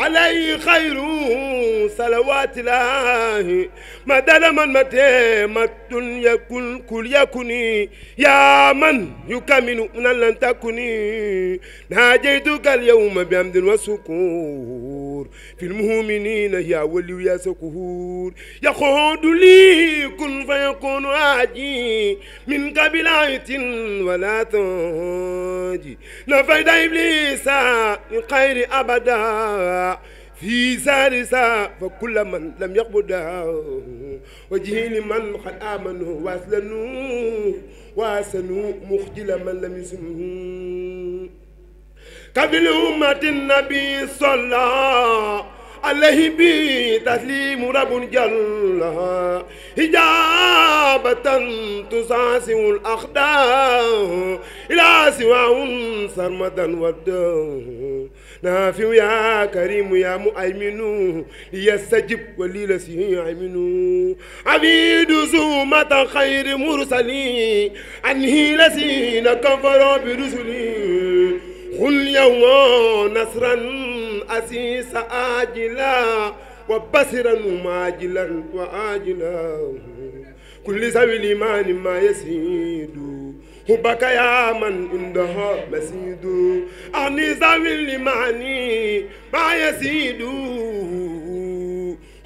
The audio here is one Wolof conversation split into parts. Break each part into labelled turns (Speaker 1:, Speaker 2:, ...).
Speaker 1: عليه خير صلوات الله ما دام من متى ما يكن كل يكني يا من يكمن من لن تكني ناجيتك اليوم بحمد وسكون الدهور في المؤمنين يا ولي يا سكهور يقود لي كن فيكون عاجي من قبل عيت ولا تنجي نفيد إبليس من خير أبدا في سارسا فكل من لم يقبضه وجهي لمن قد آمنوا وأسلنوا وأسنوا مخجل من لم يسمه قبل أمة النبي صلى عليه بي تسليم رب جل إجابة تساسع الأخداه إلى سواه سرمدا وده نافع يا كريم يا مؤمن يستجب وليلسه يؤمن عبيد زومة خير مرسلين عنه لسين كفر برسلين قل يوم نصرا أسيس آجلا وبصرا ماجلا وآجلا كل سوي الإيمان ما يسيد حبك يا من عنده مسيد أعني سوي الإيمان ما يسيد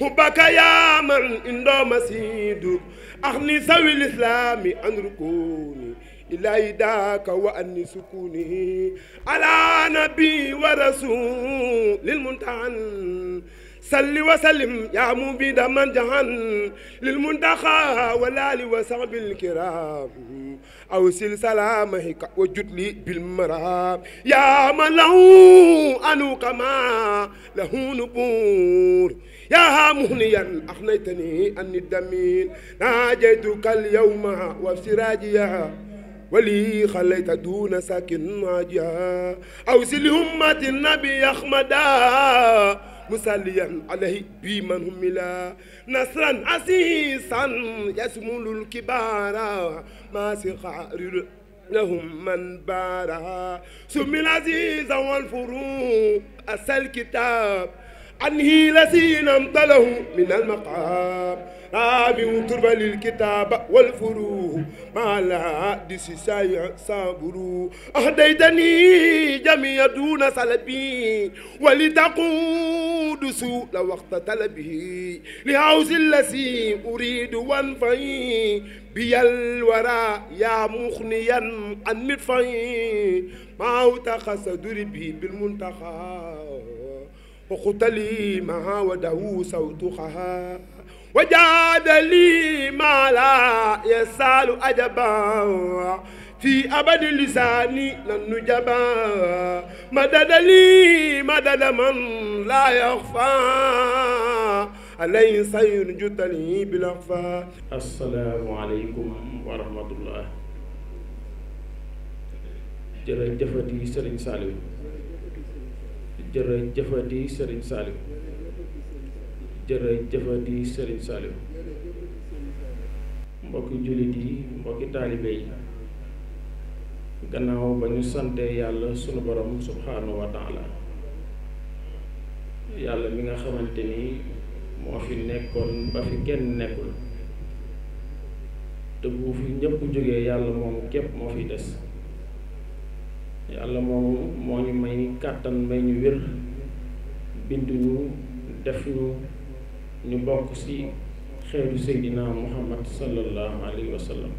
Speaker 1: حبك يا من عنده مسيد أعني سوي الإسلام أن ركوني إلهي داك وأن سكونه على نبي ورسول للمنتعن صل وسلم يا مبيد من جهن للمنتخى والآل وصحب الكرام أوصل سلامك وجد لي بالمرام يا من له أنو كما له نبور يا مهنيا أخنيتني أن الدمين ناجيتك اليوم وفي راجيا ولي خليت دون ساكن عاجها أو لأمة النبي أحمدا مسليا عليه بمن هم لا نصرا عسيسا يسمل الكبار ما سخار لهم من بارا سمي العزيز والفروق أسى الكتاب عنه لسين امضله من المقام رابع تربى للكتاب والفروه ما لا دس سايا صابرو أهديتني جميع دون سلبي ولتقود سوء وقت طلبه لهوز الذي أريد وانفعي بيا الورى يا مغنيا عن مدفعي ما أوتخس دربي بالمنتخى وقتلي معها ودعو صوتها وجادلي ما لا يسال أجبا في أبد لساني لن نجبا مدد لي مدد من لا يخفى عليه سير جتني بالأخفى السلام عليكم ورحمة الله
Speaker 2: jërëjëfati Serigne Saliou jërëjëfati Serigne Saliou di Serigne Saliou mbokki jullit yi mbokki taalibe yi gannaaw ba ñu sante yàlla sunu borom subhaanahu wa taala yàlla mi nga xamante ni moo fi nekkoon ba fi kenn nekkul te bu fi jógee yàlla moom képp moo fi des yàlla moom moo ñu may kàttan may ñu wér binduñu def ñu ñu bokk ci xeetu Seydina Muhammad sallallahu alayhi wa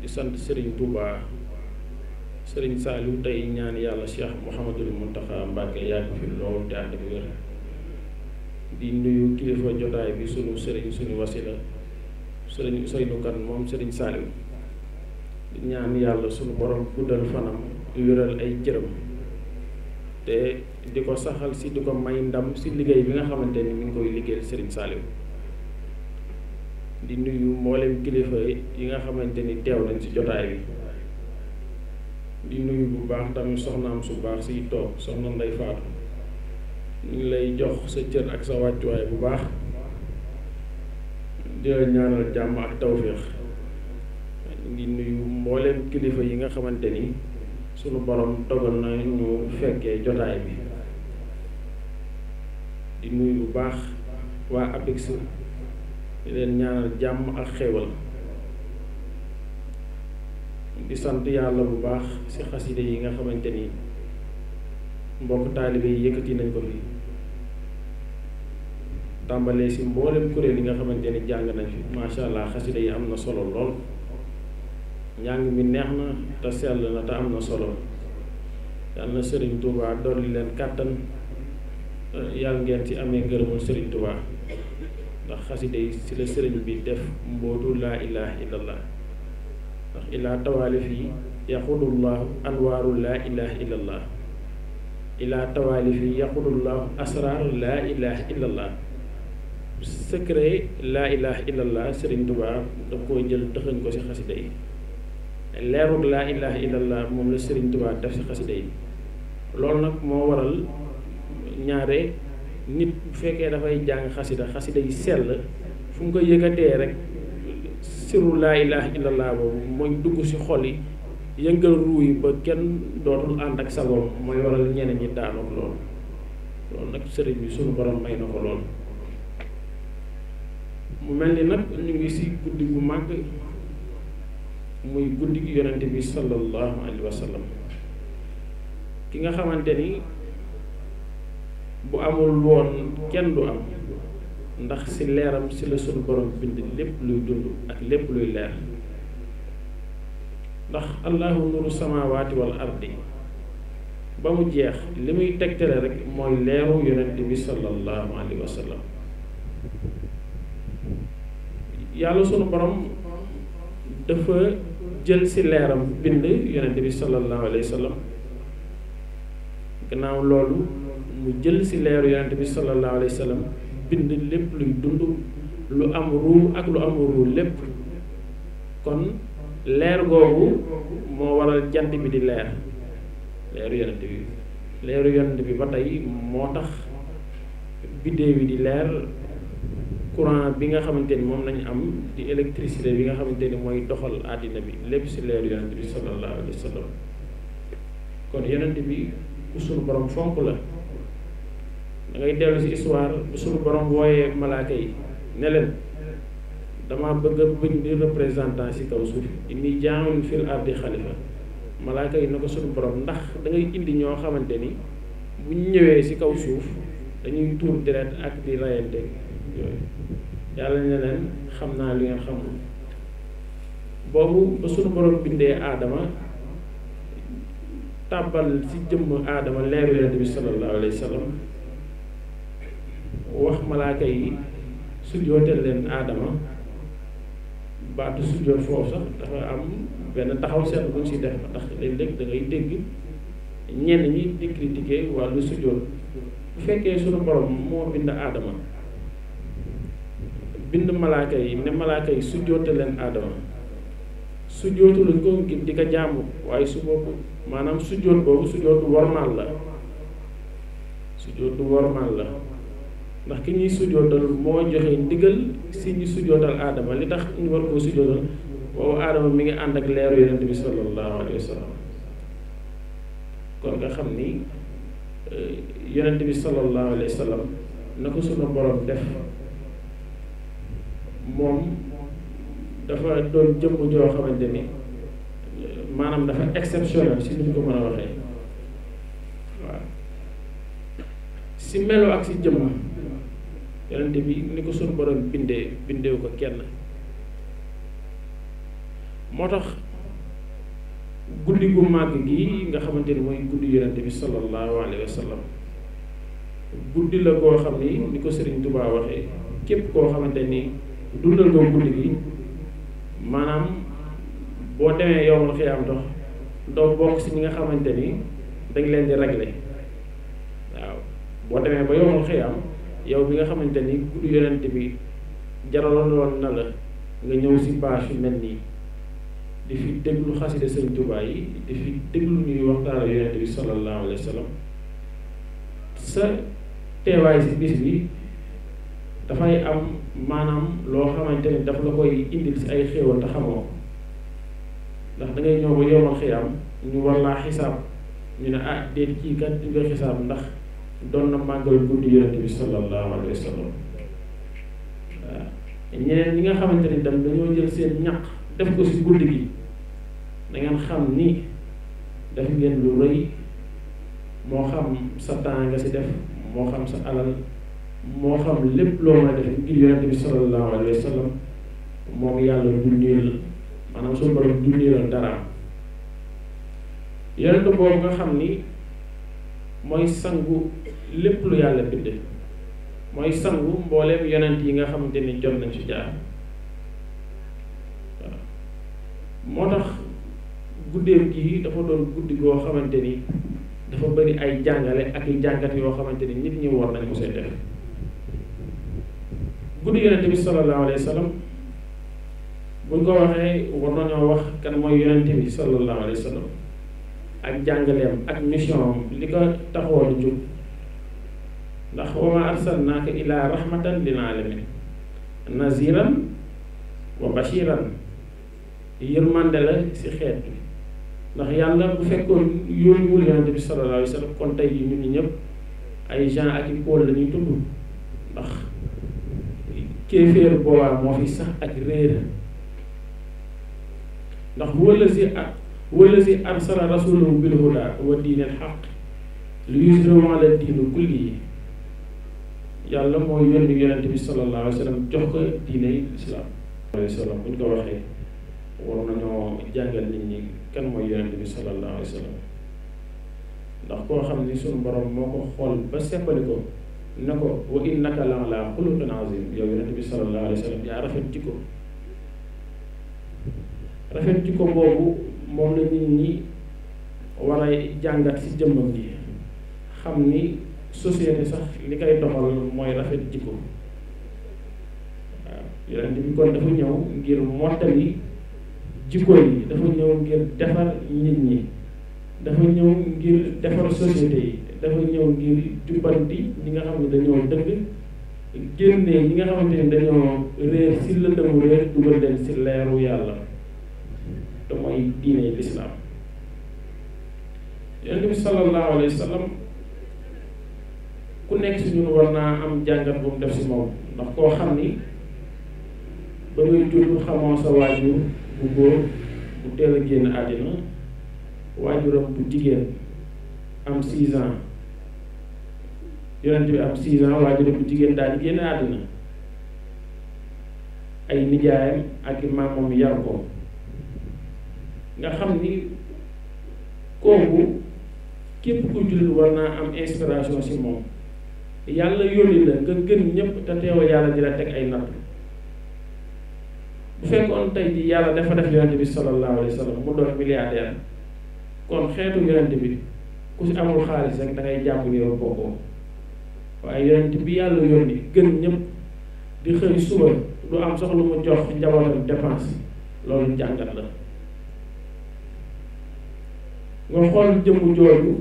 Speaker 2: di sant Serigne Touba sëriñ Saliou tey ñaan yàlla Cheikh Mouhamadul Mountakha Mbacke yàgg fi lool te ànd wér di nuyu kilifa jotaay bi sunu Serigne sunu wasila Serigne Ousseynou Kane moom Serigne Saliou ñaan yàlla sunu borom guddal fanam wéral ay cëram. te di ko saxal si di ko may ndam si liggéey bi nga xamante ni mi ngi koy liggéey Serigne Saliou di nuyu mboolem kilifa yi nga xamante ni teew nañ si jotaay bi di nuyu bu baax tamit soxnaam su baax siy toog soxna Ndey Faatu mu ngi lay jox sa cër ak sa wàccuwaay bu baax di la ñaanal jàmm ak tawféex ñu ngi nuyu mboolem kilifa yi nga xamante ni. sunu borom dogal na ñu fekkee jotaay bi di nuyu bu baax waa APEX di leen ñaanal jàmm ak xéewal di sant yàlla bu baax si xaside yi nga xamante ni mbokk taalibe yi yëkkati nañ ko fi tàmbalee si mboolem kuréel yi nga xamante ni jàng nañ fi macha allah xaside yi am na solo lool. njàng mi neex na te sell na te am na solo yàlla na sëriñ Touba dolli leen kàttan eh, yàlla ngeen ci amee ngërëmul Serigne Touba ndax xaside yi ci la Serigne bi def mbootu laa ilaha illallah ndax ilaa tawaalif yi yaqulullahu anwaaru laa ilaha illallah ilaa tawaalif yi yaqulullahu asraar laa ilaha illallah secret laa ilaha illallah Serigne Touba daf koo jël dëxañ ko ci xaside yi leerug laa ilaha illallah moom la sëriñ Touba def si xasida yi loolu nag moo waral ñaare nit bu fekkee dafay jàng xasida xasida yi sell fu mu ko yëgatee rek siru laa ilaha illallah boobu mooy dugg si xol yi yëngal ruu ba kenn dootul ànd ak sagoom mooy waral ñeneen ñi daanoog loolu loolu nag sëriñ bi sunu borom may na ko loolu mu mel ni nag ñu ngi si guddi gu màgg muy guddi gi yonente bi sallallahu alayhi wa sallam ki nga xamante ni bu amul woon kenn du am ndax ci leeram ci la sunu borom bind lépp luy dund ak lépp luy leer ndax allahu nuru samawaati wal ardi ba mu jeex li muy tegtale rek mooy leeru yonent bi sallallahu alayhi wa sallam yàlla sunu borom dafa jël ci leeram bind yonent bi sallallahu alayhi wa gannaaw loolu mu jël ci leeru yonent bi sallallahu alayhi wa bind lépp luy dund lu am ruu ak lu amul ruu lépp kon leer googu moo waral jant bi di leer leeru yonent bi ba tey moo tax biddéew yi di leer courant bi nga xamante ni moom nañu am di électricité bi nga xamante ni mooy doxal àddina bi lépp si leer yonent bi sallallahu alayhi wa kon yonent bi ku sunu borom fonk la da ngay dellu si histoire bu sunu borom wooyee malaaka yi ne leen dama bëgg a bind représentant si kaw suuf inni jaamun fil ardi xalifa malaaka yi na ko sunu borom ndax dangay indi ñoo xamante ni bu ñu ñëwee si kaw suuf dañuy tuur deret ak di rayante yàlla ne leen xam naa li ngeen xamul boobu ba sunu borom bindee aadama tàbbal si jëmm aadama leeru yonent bi sallallahu alayhi wa sallam wax malaaka yi sujjooteel leen aadama baatu sujjoot foofu sax dafa am benn taxaw seetlu bu ñu si def ndax léeg-léeg da dégg ñenn ñi di critiquer wàllu sujjoot bu fekkee sunu borom moo bind aadama bind malaaka yi ne malaaka yi sujjoote leen aadama sujjootu luñ ko ngir di ko jaamu waaye su boobu maanaam sujjoot boobu sujjootu wormaal la sujjootu wormaal la ndax ki ñuy sujjootal moo joxe ndigal si ñu sujjootal aadama li tax ñu war koo sujjootal boobu aadama mi ngi ànd ak leeru yonent bi sallallahu alayhi wa sallam kon nga xam ni eh, yonent bi sallallahu alayhi wa sallam na ko sunu borom def moom dafa doon jëmm joo xamante ni maanaam dafa exceptionnel si ni ñu ko mën a waxee waaw si melo ak si jëmm yonente bi ni ko sol borom bindee bindeew ko kenn moo tax guddi gu màgg gi nga xamante ni mooy guddi yonente bi sallallahu alayhi wa guddi la koo xam ni ni ko Serigne Touba waxee képp koo xamante nii dundal nga guddi gi maanaam boo demee yowmal xiyaam dox doo bokk si ñi nga xamante ni dañ leen di régler waaw boo demee ba yowmal xiyaam yow bi nga xamante ni guddi yonent bi jaraloon woon na la nga ñëw si bâche yu mel nii di fi déglu xasida sëñ Tuubaa yi di fi déglu ñuy waxtaan yonent bi sallallahu alayhi wa sallam sa teewaay si bis bi dafay am maanaam loo xamante ni daf la ko indil si ay xéewal te xamoo ndax da ngay ñëw ba yowmal xiyaam ñu war laa xisaab ñu ne ah déet ci kat nga xisaab ndax doon na màggal guddi yonente bi sallallahu alayhi wa sallam waaw ñeneen ñi nga xamante ni tam dañoo jël seen ñaq def ko si guddi gi da ngeen xam ni def ngeen lu rëy moo xam sa temps si def moo xam sa alal moo xam lépp loo mën a def ngir yonente bi sallallahu alayhi wa sallam moom yàlla dundee la maanaam suñu borom dundee la dara yonente boobu nga xam ni mooy sangu lépp lu yàlla bindee mooy sangu mbooleem yonent yi nga xamante ni jot nañ ci jaar moo tax guddeem gii dafa doon guddi goo xamante ni dafa bari ay jàngale ak i jàngat yoo xamante ni nit ñi war nañ ko see def guddi yonente bi sallallahu alayhi wa sallam buñ ko waxee war nañoo wax kan mooy yonente bi sallallahu alayhi wa ak jàngaleem ak mission li ko taxoon jug ndax wa ma arsalnaaka ila rahmatan lil alamin naziran wa bashiran yërmande la si xeet bi ndax yàlla bu fekkoon yóoyuwul yonente bi sallallahu alayhi wa sallam kon tey yi ñun ñi ñëpp ay gens ak i pôle la ñuy ndax kéeféer boobaa moo fi sax ak réera ndax wala si ak wala si arsala rasulahu bil huda wa diinil xaq li yusra ala diinu kulli yi yàlla mooy yónni yonente bi sallallahu alayhi wa sallam jox ko diiney islam alayhi wa sallam buñ ko waxee war nañoo jàngal nit ñi kan mooy yonente bi sallallahu wa sallam ndax koo xam ni suñu borom moo ko xool ba seppali ko na ko wa innaka la ala xuluqin azim yow yonent bi sallallahu alayhi wa sallam yaa rafet jikko rafet jikko boobu moom la nit ñi war a jàngat si jëmmam ji xam ni société sax li koy doxal mooy rafet jikko waaw yonent bi kon dafa ñëw ngir mottali jikko yi dafa ñëw defar nit ñi dafa ñëw ngir defar société yi dafa ñëw ngir jubbanti ñi nga xam ne dañoo dëgg génnee ñi nga xamante ni dañoo réer si lëndëmu réer dugal leen si leeru yàlla te mooy diine lislaam yonent bi sallallahu alayhi wa sallam ku nekk si ñun war naa am jàngat bu mu def si moom ndax koo xam ni ba muy judd xamoo sa waajur bu góor bu teel a génn àddina waajuram bu jigéen am 6 yonent bi am six ans waajuram bu jigéen daal di génn ay nijaayam ak i maamam nga xam ni kooku képp ku jullit war naa am inspiration si moom yàlla yónni la nga gën ñëpp te teewal yàlla di la teg ay natt bu fekkoon tey ji yàlla dafa def yonent bi sallallahu alayhi wa mu doon milliardaire kon xeetu yonent bi ku si amul xaalis rek da ngay jàpp bokkoo waaye yonent bi yàlla yónni gën ñëpp di xëy suba lu am soxla mu jox njabootam dépense loolu jàngat la nga xool jëmm jooju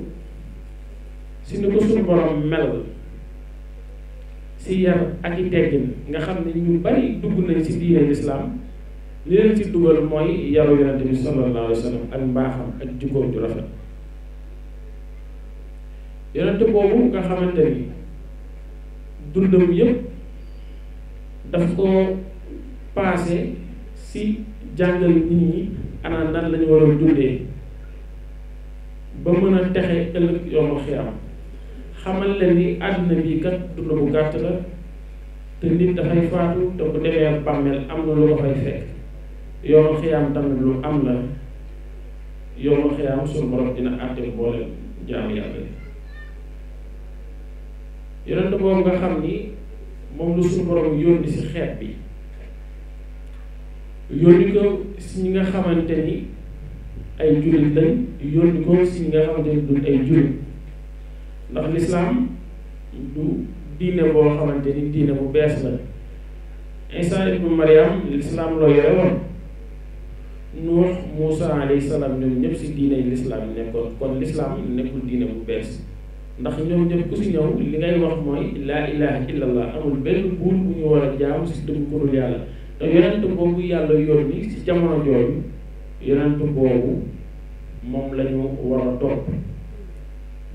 Speaker 2: si ni ko suñu borom mel si yar ak i teggin nga xam ne ñu bari dugg nañ si diine lislaam li leen ci dugal mooy yaru yonente bi sallallahu alayhi ak mbaaxam ak jikkoom ju rafet yonente boobu nga xamante ni dundam yëpp daf ko passé si jàngal nit ñi anaan nan lañu waroon dundee ba mën a texe ëllëg yow ma xiyam xamal leen ni àdduna kat dund bu gàtt la te nit dafay faatu te bu demee bàmmeel am na lu ko fay fekk yow ma tamit lu am na yow ma xiyam suñu borom dina àtte boole jaam yàlla yonent boobu nga xam ni moom la suñu xeet bi yónni ko nga xamante ni ay jullit lañ ko si ay jullit ndax lislaam du diine boo xamante ni diine bu bees la Isa ibnu Mariam lislaam loo yore woon Nuux Muusa alayhi salaam ñoom ñëpp si diine lislaam yi nekkoon kon lislaam nekkul diine bu bees ndax ñoom ñoom ku si ñëw li ngay wax mooy laa ilaha illallah amul benn buur bu ñu war a jaam si dëgg ku dul yàlla te yonent boobu yàlla yónni si jamono jooju yonent boobu moom la ñu war a topp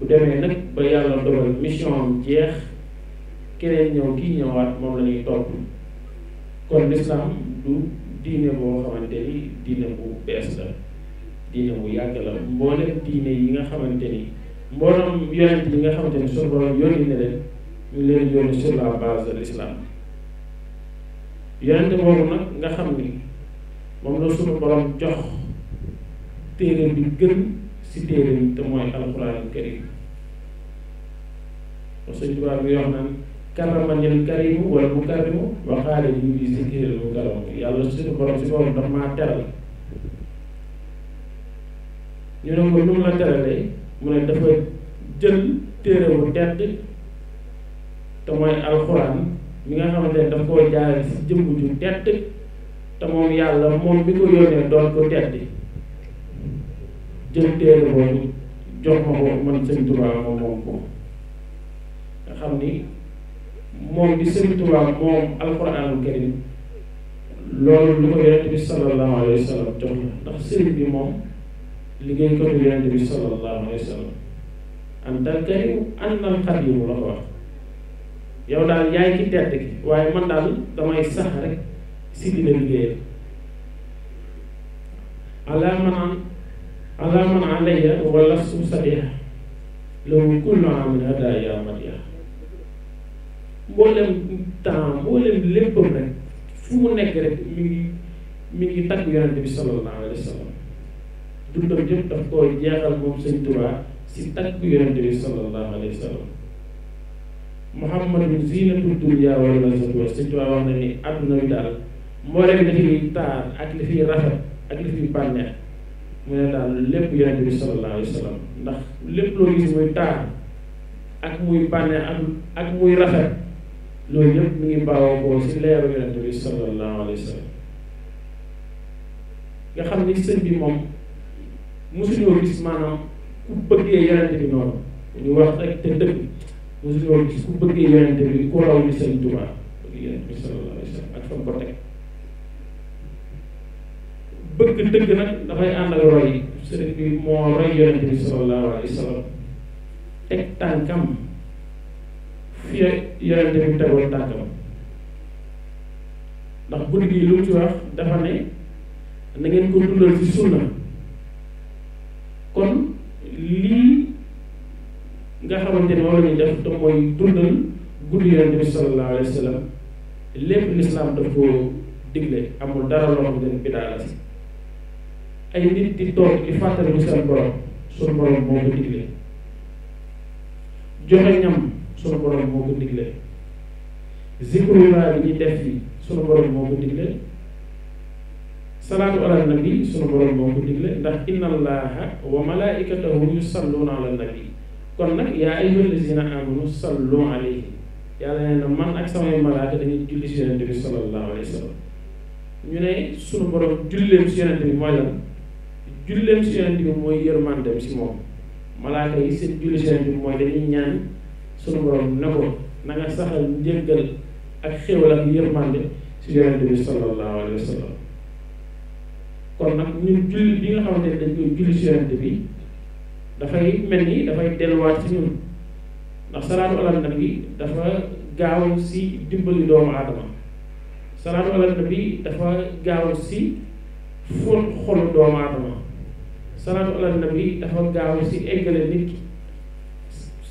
Speaker 2: bu demee nag ba yàlla dogal mission jeex keneen ñëw kii ñëwaat moom la ñuy topp kon lislaam du diine boo xamante ni diine bu bees la diine bu yàgg la mboolem diine yi nga xamante ni mbooloom yonent yi nga xamante ni suñu borom yónni na leen ñu leen yónni la base de l'islam yonent boobu nag nga xam ni moom la suñu borom jox téere bi gën si téere yi te mooy alxuraanul karim suñ tubaab bi wax naan karamanil karimu wala mu karimu waxaale ñu ngi si téere mu karam yàlla suñu borom si borom daf maa teral ñu ne ko nu mu mu ne dafa jël téere bu tedd te mooy alxuraan mi nga xamante ne daf koo jaarale si jëmm ju tedd te moom yàlla moom mi ko yónnee doon ko tedd jël téere jox ma ko man sëñ Tuubaa ma moom ko nga xam ni moom di sëñ Tuubaa moom alxuraanul karim loolu lu ko yonent bi sallallahu alayhi wa jox la ndax sëriñ bi moom liggéeykatu yonent bi sallallahu alayhi wa sallam am dal karimu an nal xadimu la ko wax yow daal yaay ki tedd ki waaye man daal damay sax rek si dina liggéeyal ala man an ala man alayya wala su sadiha loolu kullu amin hadaaya madiya mboolem temps mboolem léppam rek fu mu nekk rek mi ngi mi ngi takk bi sallallahu alayhi wa dundam yëpp daf koo jeexal moom sëñ Tuubaa si tagg yonente bi sallallahu alayhi wa sallam Muhammadun zinatud dunya wal izzatu wa sëñ Tuubaa wax na ni àdduna bi daal mbooleem li fiy taar ak li fiy rafet ak li daal lépp yonente bi sallallahu alayhi wa sallam ndax lépp loo gis muy taar ak muy bànneex ak ak muy rafet loolu yëpp ngi bawoo koo si leeru yonente bi sallallahu alayhi wa sallam xam ni sëñ bi moom mosuñoo gis maanaam ku bëggee yonente bi noonu ñu wax rek te dëgg mosuñoo gis ku bëggee yonente bi ku raw ni sëñ Tuubaa bëgg yonente bi sallallahu alayhi wa sallam ak fa mu ko teg bëgg dëgg nag dafay ànd ak ya sëriñ bi moo roy yonente bi sallallahu alayhi wa sallam teg tànkam fi yonente bi tegoon tànkam ndax guddi gi lu mu ci wax dafa ne na ngeen ko dundal ci sunna kon lii nga xamante ne moom la def te mooy dundal guddi yonent bi sallallahu alayhi lépp lislaam daf ko digle amul dara loo xam ne bidaa la si ay nit di toog di fàttali bu seen borom suñu borom moo ko digle joxe ñam suñu borom moo ko digle zikrullah bi ñuy def yi suñu borom moo ko digle salaatu ala nabi sunu borom moo ko digle ndax inna allaha wa malaikatahu yusalluuna ala nabi kon nag yaa ayyuha allazina amanu sallu alayhi yàlla nee na man ak samay malaaka dañuy julli si yonente bi sallallahu alayhi wa sallam ñu ne sunu borom julleem si yonente bi mooy lan julleem si na nga saxal njëggal ak xéwal ak yërmande si yonente bi sallallahu alayhi wa sallam kon nag ñun jullit bi nga xam ne dañ julli si yonent bi dafay mel ni dafay delluwaat si ñun ndax salaatu ala nabi dafa gaaw si dimbali doomu dafa gaaw si fóot xolu doomu aadama salaatu ala nabi dafa gaaw si eggale nit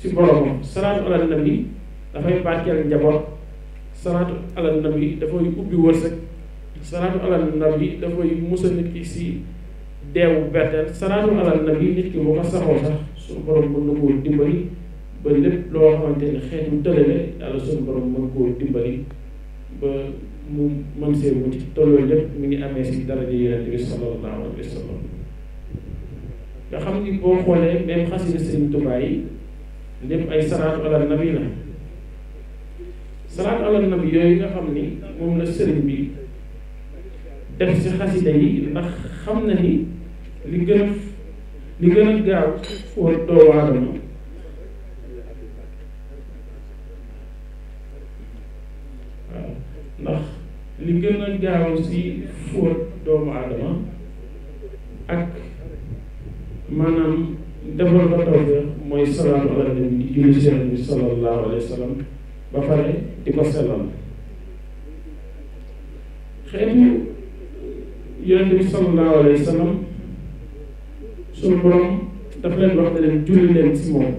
Speaker 2: ki boromam salaatu ala nabi dafay barkeel njaboot salaatu ala nabi dafay ubbi wërsëg salaatu alal nabi dafay musal ki si deewu berteel salaatu alal nabi na koo dimbali ba loo xamante ne xeetu tëlale yàlla suñu borom mi ngi amee si daraja xam ni boo xoolee même xasida Sëriñ yooyu nga xam ni moom la sëriñ bi. def si xasida yi ndax xam na ni li gën a li gën a gaaw foo doomu aadama waaw ndax li gën a gaaw si foo aadama ak maanaam defal ko taw ga mooy salaatu ala nabi di julli si nabi sallallahu alayhi wa ba pare di ko sellal yonent bi sallallahu alayhi wa sallam suñu borom daf leen wax ne leen julli leen si moom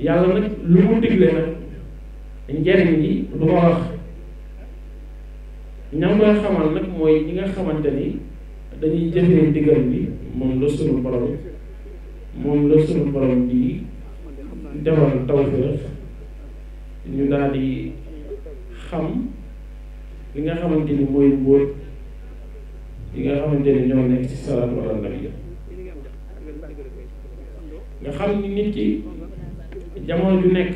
Speaker 2: yàlla nag lu mu digle nag njariñ yi du ma wax ñam nga xamal nag mooy ñi nga xamante ni dañuy jëfee digal bi moom la suñu borom moom la sunu borom di defal tawfeex ñu daal di xam li nga xamante ni mooy mbóot yi nga xamante ne ñoo nekk ci salaatu ala nabi nga xam ni nit ci jamono ju nekk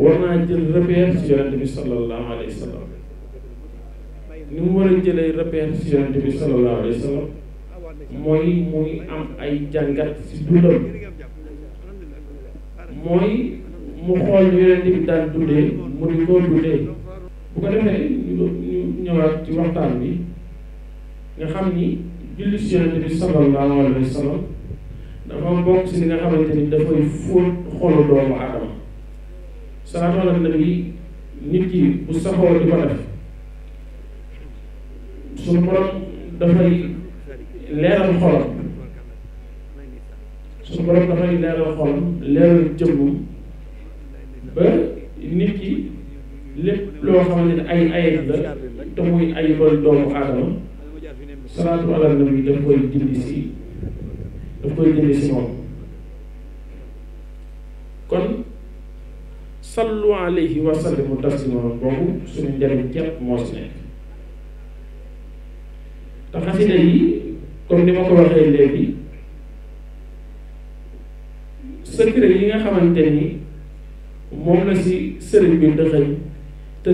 Speaker 1: war naa jël repère ci yonente
Speaker 2: bi sallallahu alayhi wa sallam ni mu war a jëlee repère ci yonente bi sallallahu alayhi wa sallam mooy muy ay jàngat ci dundam mooy mu xool yonente bi daan dundee mu di ko dundee bu ko defee ñu ñëwaat ci waxtaan bi nga xam ni julli si yonent bi sallallahu alayhi wa sallam dafa bokk si li nga xamante ni dafay fóot xolu doomu aadama salaatu ala nabi nit ki bu saxoo di ko def suñu borom dafay leeral xolam suñu borom dafay leeral xolam leeral jëmmam ba nit ki lépp loo xamante ni ay ayib la te muy ayibal doomu aadama salaatu ala nabi daf koy dindi si daf koy dindi si moom kon sallu alayhi wa sallimu taslima boobu suñu si nekk te xasida yi comme ni ma ko waxee léegi yi nga xamante moom la si sëriñ bi dëxëñ te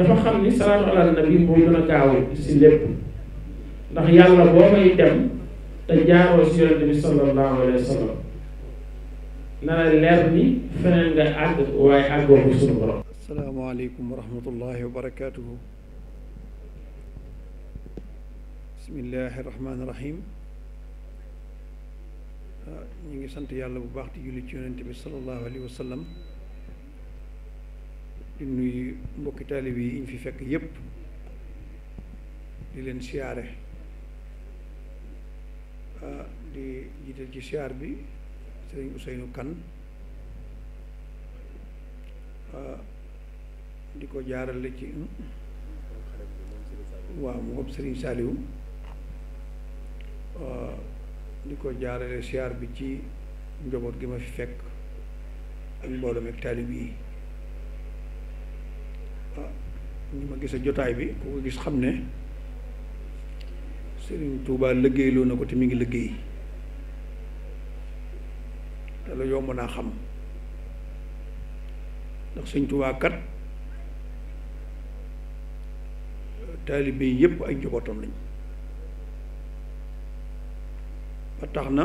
Speaker 2: dafa xam ni salaatu ala nabi moo gën a gaaw si lépp ndax yàlla boo may dem te jaaroo si yonente bi sallallahu alayhi wa sallam na la leer ni feneen nga àgg waaye àggoo ko suñu
Speaker 3: borom asalaamaaleykum wa rahmatullahi wa barakatuhu bismillahi rahmaani rahim ñu ngi sant yàlla bu baax di julli ci yonente bi sallallahu alayhi wa sallam di nuyu mbokki taalib yi ñu fi fekk yépp di leen siyaare ah, di jiital ci siyaar bi sëriñ Ousseynou kan ah, di ko jaarale ci waaw mu xob sëriñ ah, di ko jaarale siyaar bi ci njaboot gi ma fi fekk ak mbooloo meeg taalib yi ñu ma gisee jotaay bi ku ko gis xam ne Serigne Touba liggéeyloo na ko te mu ngi liggéey te la yomb naa xam ndax Serigne Touba kat taalibe yi yépp ay njabootam lañ ba tax na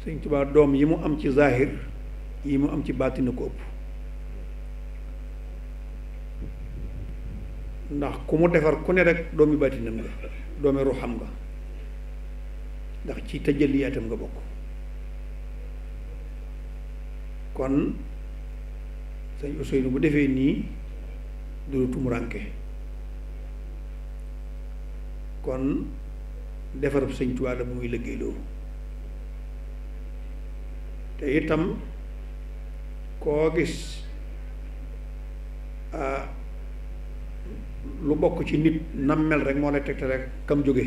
Speaker 3: Serigne Touba doom yi mu am ci zahir yi mu am ci baatin na ko ëpp ndax ku mu defar ku ne rek doomi baatinam nga doomi ruuxam nga ndax ci tëjaliyaatam nga bokk kon sëñ Ousseynou bu defee nii du tumuraanke kon defarab sëñ Tuubaa la bu muy liggéeyloo te itam koo gis ah lu bokk ci nit nam mel rek moo lay tegte rek kam jóge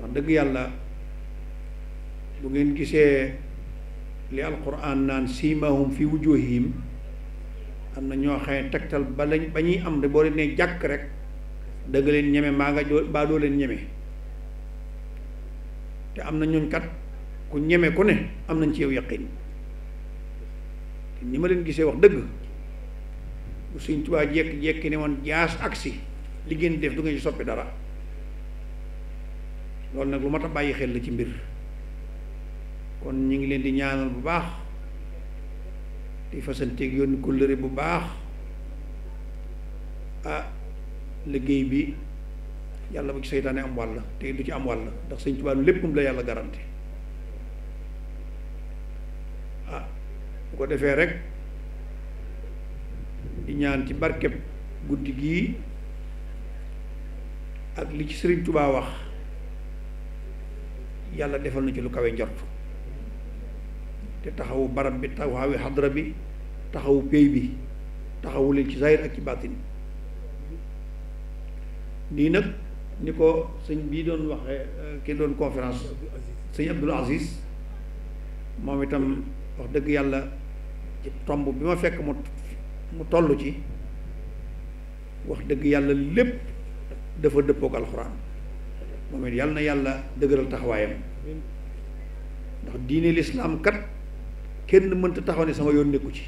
Speaker 3: wax dëgg yàlla bu ngeen gisee li alquran naan siimahum fi wujuhihim am na ñoo xam tegtal ba lañ ba ñuy am de boo leen nee jàkk rek dëgg leen ñeme maa nga doo baa doo leen ñeme te am na ñooñ kat ku ñeme ku ne am nañ ci yow yaqin te ni ma leen gisee wax dëgg suñ tubaa jekki-jekki ne woon jaas agsi li ngeen def du ngeen soppi dara loolu nag lu mat a bàyyi xel la ci mbir kon ñu ngi leen di ñaanal bu baax di fasanteeg yónni kóllëre bu baax ah liggéey bi yàlla bu ci seytaane am wàll te du ci am wàll ndax sëñ lépp léppam la yàlla garanti ah bu ko defee rek li ñaan ci barkeb guddi gii ak li ci sëriñ Tubaa wax yàlla defal na ci lu kawe njort te taxawu barab bi taxawu xadra bi taxawu pay bi taxawu leen ci zahir ak ci baatin nii nag ni ko sëñ bii doon waxee euh, ki doon conférence sëñ Abdul Aziz moom itam wax dëgg yàlla ci tomb bi ma fekk mu mu toll ci wax dëgg yàlla lépp dafa dëppook alxuraan moom it yàlla na yàlla dëgëral taxawaayam ndax diine lislaam kat kenn mënta taxaw ne sama yoon nekku ci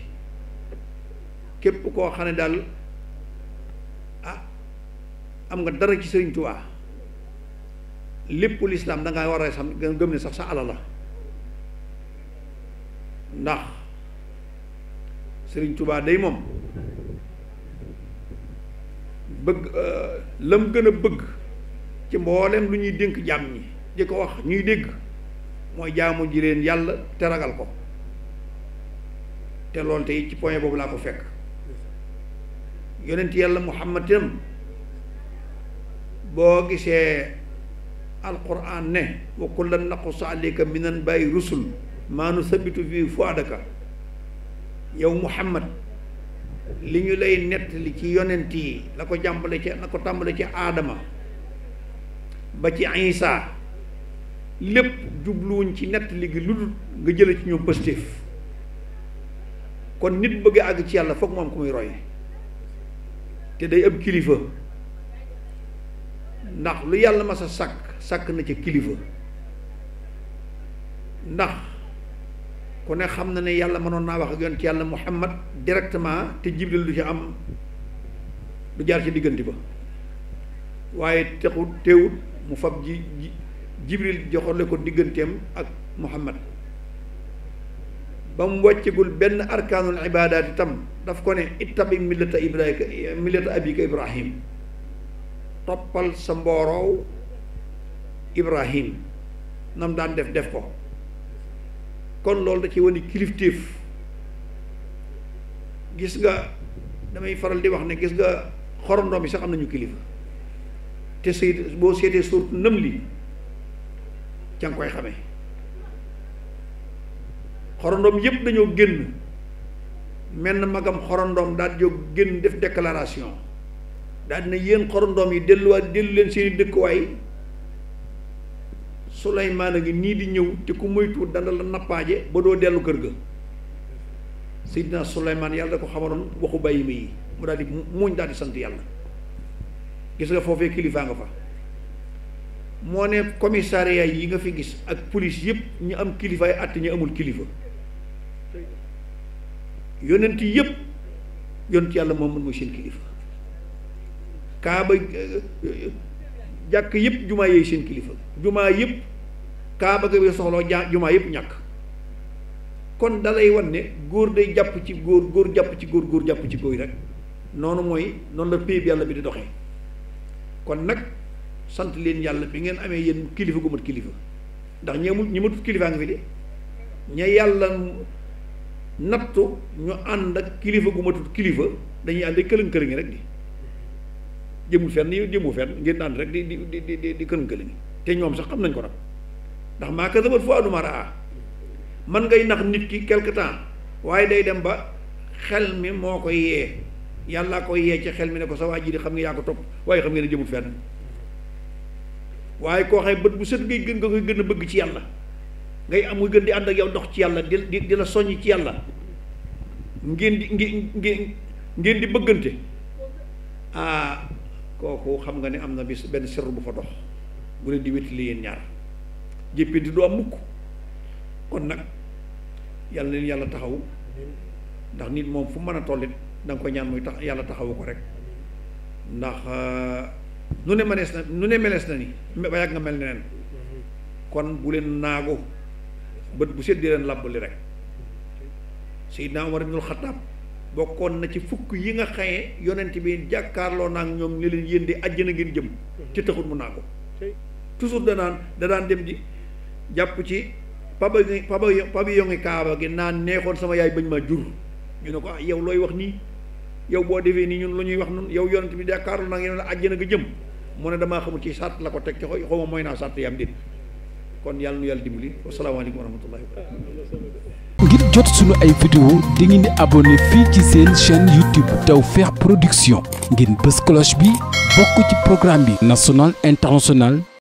Speaker 3: képp koo xam ne daal ah am nga dara ci Sëriñ Tuubaa lépp lislaam danga war a sax gëm ne sax sa ala la ndax Sëriñ tubaa day moom bëgg euh, la mu gën a bëgg ci mboolem lu ñuy dénk jàmm ñi di ko wax ñuy dégg mooy jaamu ji leen yàlla te ragal ko te loolu tey ci point boobu laa ko fekk yonent yàlla muhammad tam boo gisee alquran ne wa kullan naqussu alayka minan bàyyi rusul maa nu sabitu fii fuadaka yow muhammad li ñu lay nettali ci yonent yi la ko jàmbale ci la ko tàmbale ci aadama ba ci Isa lépp jubluwuñ ci nettali gi lu dul nga jële ci ñoom positif kon nit bëgg àgg ci yàlla foog moom am ku muy roy te day am kilifa ndax lu yàlla mas a sàkk sàkk na ci kilifa ndax ku ne xam na ne yàlla mënoon naa wax ak yoon ci yàlla muhammad directement te jibril lu ci am lu jaar ci diggante ba waaye texut teewut mu fab ji jibril joxole ko digganteem ak muhammad ba mu wàccegul benn arkaanul ibaadaat itam daf ko ne ittabi millata ibrahim millata abika ibrahim toppal sa mbooroow ibrahim nam daan def def ko kon loolu da ci wane kilifteef gis nga damay faral di wax ne gis nga xorondoom yi sax am nañu kilifa te sëy boo seetee suurt ndëm li ca nga koy xamee xorondoom yépp dañoo génn menn magam xorondoom daal jóg génn def déclaration daal dina yéen xorondoom yi delluwaat dellu leen seeni dëkkuwaay Souleymane a ngi nii di ñëw te ku moytuwul dana la nappaaje ba doo dellu kër ga Seydina Souleymane yàlla da ko xamaloon waxu bàyyi ma yi mu daal di muñ daal di sant yàlla gis nga foofee kilifaa nga fa moo ne commissariat yi nga fi gis ak police yëpp ñu am kilifaay àtt ñu amul kilifa yonent yëpp yonent yàlla moo mën mooy seen kilifa kaaba jàkk yëpp jumaa yooyu seen kilifa jumaa yëpp kaaba ga bi soxloo ja jumaa yëpp ñàkk kon dalay wan ne góor day jàpp ci góor góor jàpp ci góor góor jàpp ci góor yi rek noonu mooy noonu la péeb yàlla bi di doxee kon nag sant leen yàlla bi ngeen amee yéen kilifa gu mat kilifa ndax ñi amul ñi matut kilifaa nga fi de ña yàlla nattu ñu ànd ak kilifa gu matut kilifa dañuy ànd këlëng këlëng rek di jëmul fenn yow jëmoo fenn ngeen daan rek di di di di di kënuñ kënuñ te ñoom sax xam nañ ko nag ndax maa kasabat foo maa raa man ngay nax nit ki quelque temps waaye day dem ba xel mi moo koy yee yàllaa ko yee ci xel mi ne ko sa waa ji di xam nga yaa ko topp waaye xam nga ne jëmul fenn waaye koo xay bët bu set ngay gën nga koy gën bëgg ci yàlla ngay am muy gën di ànd ak yow dox ci yàlla di di di la soññ ci yàlla ngeen di ngeen ngeen di bëggante ah kooku xam nga ne am na bis benn sirru bu fa dox bu leen di wétali yéen ñaar jéppi di du am mukk kon nag yàlla leen yàlla taxaw ndax nit moom fu mën a tollit da nga ko ñaan muy tax yàlla taxawu ko rek ndax euh, nu ne manees na nu ne melees na ni ba yàgg nga mel neneen kon bu leen naagu bët bu set di leen làbbali rek Seydina Omar ibnul Xattaab bokkoon na ci fukk yi nga xaye yonent bi jàkkaarloo naa ñoom ñu leen yéen di àjjana ngeen jëm mhm. te taxul mu naa ko toujours danaan da daan dem di jàpp ci pabay pabay pabillon kaaba gi naan neexoon sama yaay bañ ma jur ñu ne ko ah yow looy wax nii yaw boo defee nii ñun lu ñuy wax noonu yow yonent bi jàkkaarloo naa yéen àjjana nga jëm mu ne damaa xamul ci sàtt la ko teg ci xaw ma mooy naa sàtt yam déet kon yàlla nu yàlla dimbali wasalaamaaleykum wa rahmatullahi
Speaker 1: jot suñu ay vidéo da ngeen di abonné fii ci seen chaîne YouTube Tawfekh Production ngir bës cloche bi bokk ci programme bi national international